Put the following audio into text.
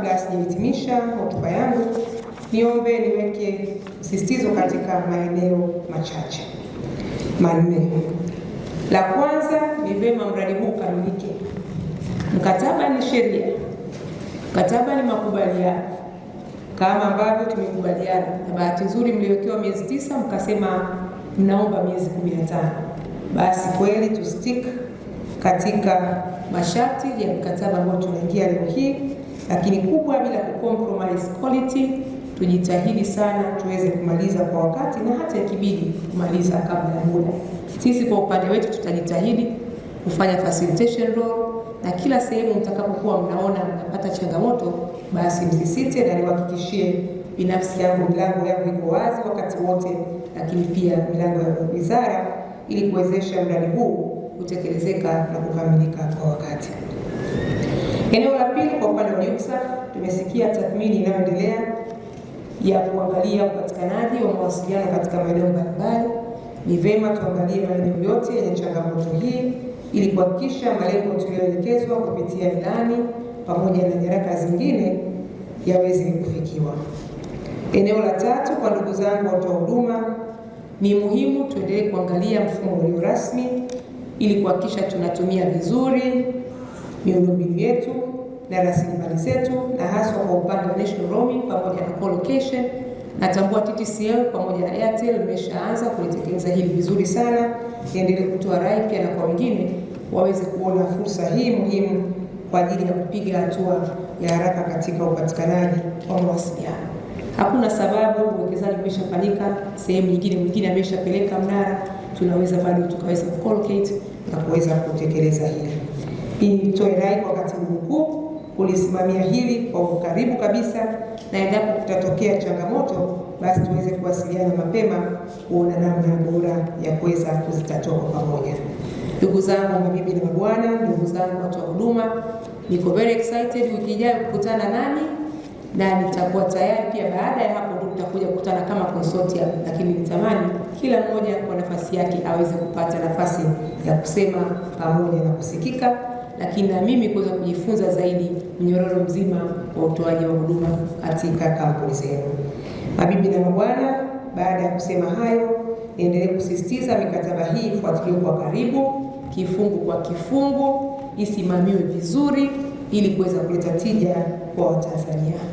kabla sijahitimisha hotuba yangu, niombe niweke msisitizo katika maeneo machache manne. La kwanza ni vema mradi huu ukamilike. Mkataba ni sheria, mkataba ni makubaliano kama ambavyo tumekubaliana, na bahati nzuri mliwekewa miezi tisa, mkasema mnaomba miezi kumi na tano. Basi kweli tustik katika masharti ya mkataba ambao tunaingia leo hii lakini kubwa, bila kucompromise quality, tujitahidi sana tuweze kumaliza kwa wakati na hata ikibidi kumaliza kabla ya muda. Sisi kwa upande wetu tutajitahidi kufanya facilitation role, na kila sehemu mtakapokuwa mnaona mnapata changamoto, basi msisite na niwahakikishie binafsi yangu milango yangu iko wazi wakati wote, lakini pia milango ya wizara ili kuwezesha mradi huu kutekelezeka na kukamilika kwa wakati. Eneo la pili kwa upande EUSAF tumesikia tathmini inayoendelea ya kuangalia upatikanaji wa mawasiliano katika maeneo mbalimbali. Ni vema tuangalie maeneo yote yenye changamoto hii ili kuhakikisha malengo tuliyoelekezwa kupitia ilani pamoja na nyaraka zingine yaweze kufikiwa. Eneo la tatu, kwa ndugu zangu watoa huduma, ni muhimu tuendelee kuangalia mfumo ulio rasmi ili kuhakikisha tunatumia vizuri miundombinu yetu na rasilimali zetu na haswa kwa upande wa national roaming pamoja na colocation. Natambua TTCL pamoja na Airtel imeshaanza kulitekeleza hili vizuri sana. Niendelee kutoa rai pia na kwa wengine waweze kuona fursa hii muhimu kwa ajili ya kupiga hatua ya haraka katika upatikanaji wa mawasiliano. Hakuna sababu, uwekezaji umeshafanyika sehemu nyingine, mwingine ameshapeleka mnara, tunaweza bado tukaweza ku na kuweza kutekeleza hili. Nitoe rai kwa katibu mkuu kulisimamia hili kwa ukaribu kabisa, na endapo kutatokea changamoto, basi tuweze kuwasiliana mapema kuona namna bora ya kuweza kuzitatua kwa pamoja. Ndugu zangu, mabibi na mabwana, ndugu zangu watoa huduma, niko very excited wiki ijayo kukutana nani na nitakuwa tayari pia. Baada ya hapo ndio tutakuja kukutana kama consortium, lakini nitamani kila mmoja kwa nafasi yake aweze kupata nafasi ya kusema pamoja na kusikika lakini na mimi kuweza kujifunza zaidi mnyororo mzima wa utoaji wa huduma katika kampuni zenu. Mabibi na mabwana, baada ya kusema hayo, niendelee kusisitiza mikataba hii ifuatiliwe kwa karibu, kifungu kwa kifungu, isimamiwe vizuri ili kuweza kuleta tija kwa Watanzania.